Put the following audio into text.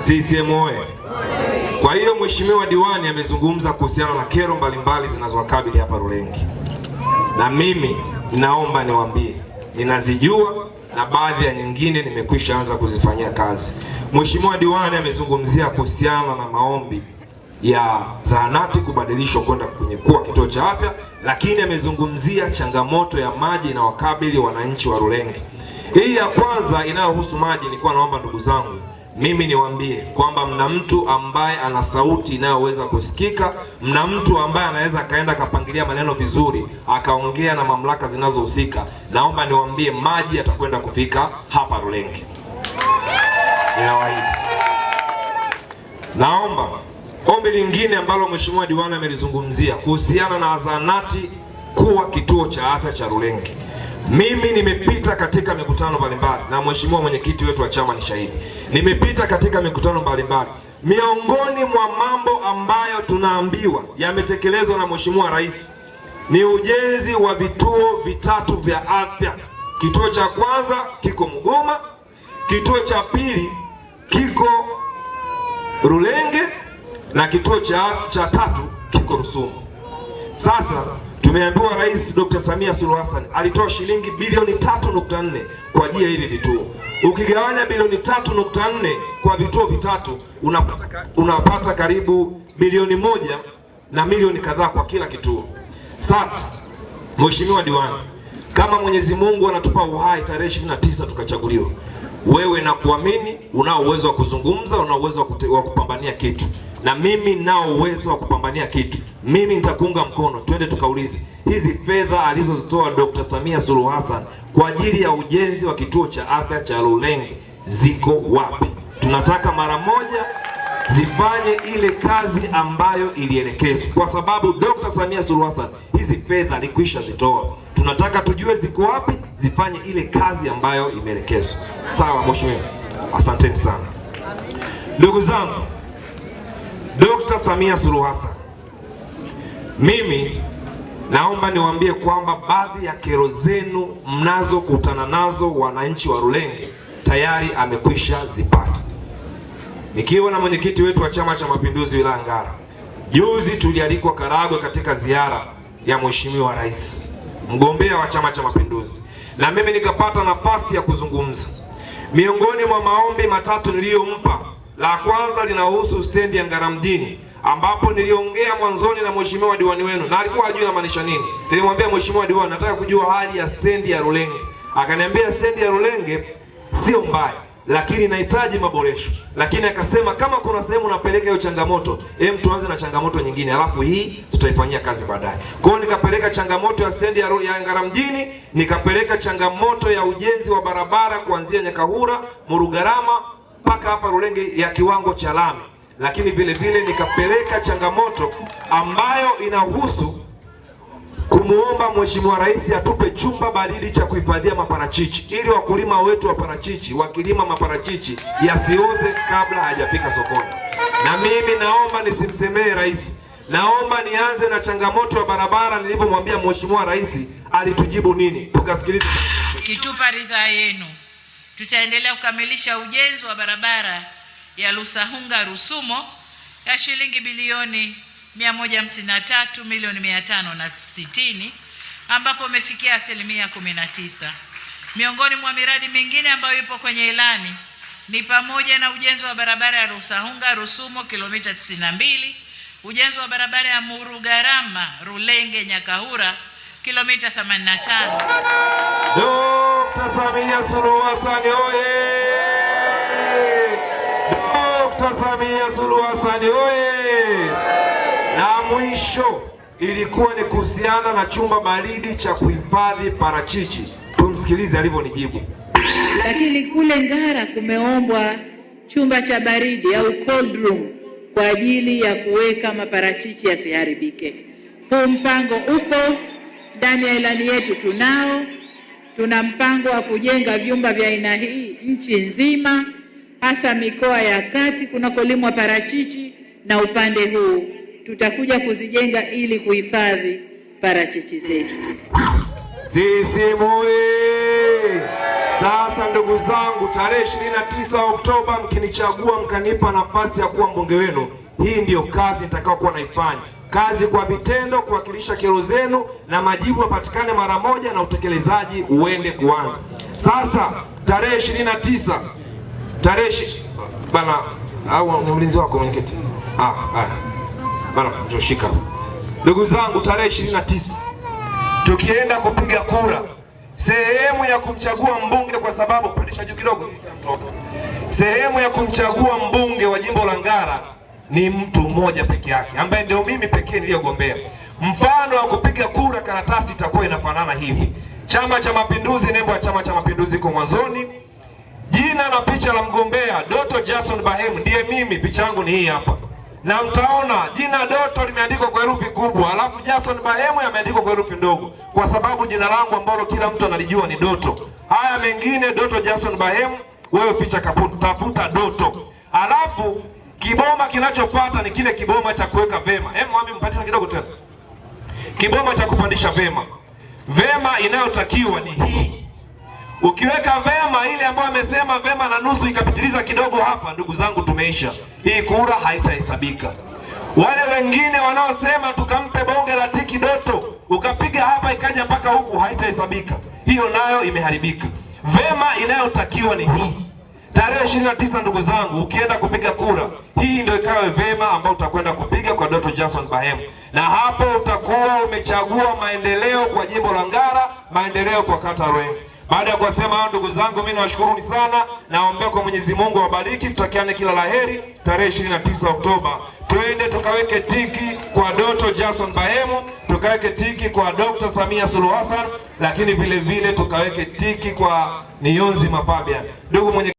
CCM oye! Kwa hiyo mheshimiwa diwani amezungumza kuhusiana na kero mbalimbali zinazowakabili hapa Rulenge, na mimi naomba niwaambie ninazijua na baadhi ya nyingine nimekwisha anza kuzifanyia kazi. Mheshimiwa diwani amezungumzia kuhusiana na maombi ya zahanati kubadilishwa kwenda kwenye kuwa kituo cha afya, lakini amezungumzia changamoto ya maji na wakabili wananchi wa Rulenge. Hii ya kwanza inayohusu maji, nilikuwa naomba ndugu zangu mimi niwaambie kwamba mna mtu ambaye ana sauti inayoweza kusikika, mna mtu ambaye anaweza akaenda akapangilia maneno vizuri, akaongea na mamlaka zinazohusika. Naomba niwaambie, maji yatakwenda kufika hapa Rulenge, ninawaahidi. Naomba ombi lingine ambalo mheshimiwa diwani amelizungumzia kuhusiana na zahanati kuwa kituo cha afya cha Rulenge. Mimi nimepita katika mikutano mbalimbali na mheshimiwa mwenyekiti wetu wa chama ni shahidi, nimepita katika mikutano mbalimbali. Miongoni mwa mambo ambayo tunaambiwa yametekelezwa na mheshimiwa rais ni ujenzi wa vituo vitatu vya afya. Kituo cha kwanza kiko Mgoma, kituo cha pili kiko Rulenge na kituo cha, cha tatu kiko Rusumo. Sasa Tumeambiwa Rais Dr. Samia Suluhu Hassan alitoa shilingi bilioni 3.4 kwa ajili ya hivi vituo. Ukigawanya bilioni 3.4 kwa vituo vitatu unapata, karibu bilioni moja na milioni kadhaa kwa kila kituo. Sasa Mheshimiwa Diwani, kama Mwenyezi Mungu anatupa uhai tarehe 29 tukachaguliwa, wewe na kuamini, unao uwezo wa kuzungumza, unao uwezo wa kupambania kitu, na mimi nao uwezo wa kupambania kitu mimi nitakuunga mkono, twende tukaulize hizi fedha alizozitoa Dr. Samia Suluhu Hassan kwa ajili ya ujenzi wa kituo cha afya cha Lulenge ziko wapi? Tunataka mara moja zifanye ile kazi ambayo ilielekezwa, kwa sababu Dr. Samia Suluhu Hassan hizi fedha alikwisha zitoa. Tunataka tujue ziko wapi, zifanye ile kazi ambayo imeelekezwa. Sawa mheshimiwa, asanteni sana ndugu zangu. Dr. Samia Suluhu Hassan mimi naomba niwaambie kwamba baadhi ya kero zenu mnazokutana nazo wananchi wa Rulenge tayari amekwisha zipata. Nikiwa na mwenyekiti wetu wa Chama cha Mapinduzi wilaya Ngara, juzi tulialikwa Karagwe katika ziara ya Mheshimiwa Rais, mgombea wa Chama cha Mapinduzi, na mimi nikapata nafasi ya kuzungumza. Miongoni mwa maombi matatu niliyompa, la kwanza linahusu stendi ya Ngara mjini ambapo niliongea mwanzoni na mheshimiwa diwani wenu na alikuwa hajui namaanisha nini. Nilimwambia mheshimiwa diwani, nataka kujua hali ya stendi ya Rulenge. Akaniambia stendi ya Rulenge sio mbaya, lakini nahitaji maboresho. Lakini akasema kama kuna sehemu unapeleka hiyo changamoto, hem, tuanze na changamoto nyingine, alafu hii tutaifanyia kazi baadaye. Kwa hiyo nikapeleka changamoto ya stendi ya ya Ngara mjini, nikapeleka changamoto ya ujenzi wa barabara kuanzia Nyakahura, Murugarama mpaka hapa Rulenge ya kiwango cha lami lakini vile vile nikapeleka changamoto ambayo inahusu kumwomba Mheshimiwa Rais atupe chumba baridi cha kuhifadhia maparachichi ili wakulima wetu wa parachichi wakilima maparachichi yasioze kabla hajafika sokoni. Na mimi naomba nisimsemee rais, naomba nianze na changamoto ya barabara. Nilivyomwambia Mheshimiwa Rais alitujibu nini? Tukasikilize. Kitupa ridhaa yenu, tutaendelea kukamilisha ujenzi wa barabara ya Lusahunga Rusumo ya shilingi bilioni 153 milioni 560 ambapo umefikia asilimia 19. Miongoni mwa miradi mingine ambayo ipo kwenye ilani ni pamoja na ujenzi wa barabara ya Lusahunga Rusumo kilomita 92, ujenzi wa barabara ya Murugarama Rulenge Nyakahura kilomita 85. Dr. Samia Suluhu Hassan Dkt. Samia Suluhu Hassan oye! Na mwisho ilikuwa ni kuhusiana na chumba baridi cha kuhifadhi parachichi. Tumsikilize alivyonijibu. Lakini kule Ngara kumeombwa chumba cha baridi au cold room kwa ajili ya kuweka maparachichi yasiharibike. Huu mpango upo ndani ya ilani yetu, tunao tuna mpango wa kujenga vyumba vya aina hii nchi nzima hasa mikoa ya kati kunakolimwa parachichi na upande huu tutakuja kuzijenga ili kuhifadhi parachichi zetu. Sisimu sasa, ndugu zangu, tarehe 29 Oktoba mkinichagua mkanipa nafasi ya kuwa mbunge wenu, hii ndiyo kazi nitakayokuwa naifanya, kazi kwa vitendo, kuwakilisha kero zenu na majibu yapatikane mara moja na utekelezaji uende kuanza sasa, tarehe 29 tarehe bana, au ni mlinzi wako mwenyekiti? Ah, bana, tushika ndugu zangu, tarehe 29 tukienda kupiga kura sehemu ya kumchagua mbunge, kwa sababu kupandisha juu kidogo, sehemu ya kumchagua mbunge wa jimbo la Ngara ni mtu mmoja peke yake ambaye ndio mimi pekee niliyogombea. Mfano wa kupiga kura karatasi itakuwa inafanana hivi: Chama cha Mapinduzi, nembo ya Chama cha Mapinduzi iko mwanzoni Jina la picha la mgombea Doto Jason Bahemu ndiye mimi, picha yangu ni hii hapa, na mtaona jina Doto limeandikwa kwa herufi kubwa, alafu Jason Bahemu yameandikwa kwa herufi ndogo, kwa sababu jina langu ambalo kila mtu analijua ni Doto. Haya mengine Doto Jason Bahemu, wewe picha kapu, tafuta Doto, alafu kiboma kinachofuata ni kile kiboma cha kuweka vema. Hebu mwami mpatie kidogo tena, kiboma cha kupandisha vema. Vema inayotakiwa ni hii Ukiweka vema ile ambayo amesema vema na nusu ikapitiliza kidogo hapa, ndugu zangu, tumeisha. Hii kura haitahesabika. Wale wengine wanaosema tukampe bonge la tiki Doto, ukapiga hapa ikaja mpaka huku, haitahesabika. Hiyo nayo imeharibika. Vema inayotakiwa ni hii tarehe ishirini na tisa, ndugu zangu, ukienda kupiga kura hii ndio ikawe vema ambayo utakwenda kupiga kwa Doto Jason Bahemu, na hapo utakuwa umechagua maendeleo kwa jimbo la Ngara, maendeleo kwa kata Rwenge. Baada ya kuwasema hayo, ndugu zangu, mimi nawashukuruni sana, naombea kwa Mwenyezi Mungu awabariki, tutakiane kila laheri. Tarehe 29 Oktoba twende tukaweke tiki kwa Doto Jason Bahemu, tukaweke tiki kwa Dr. Samia Suluhu Hassan, lakini vile vile tukaweke tiki kwa Nionzi Fabian. Ndugu mwenye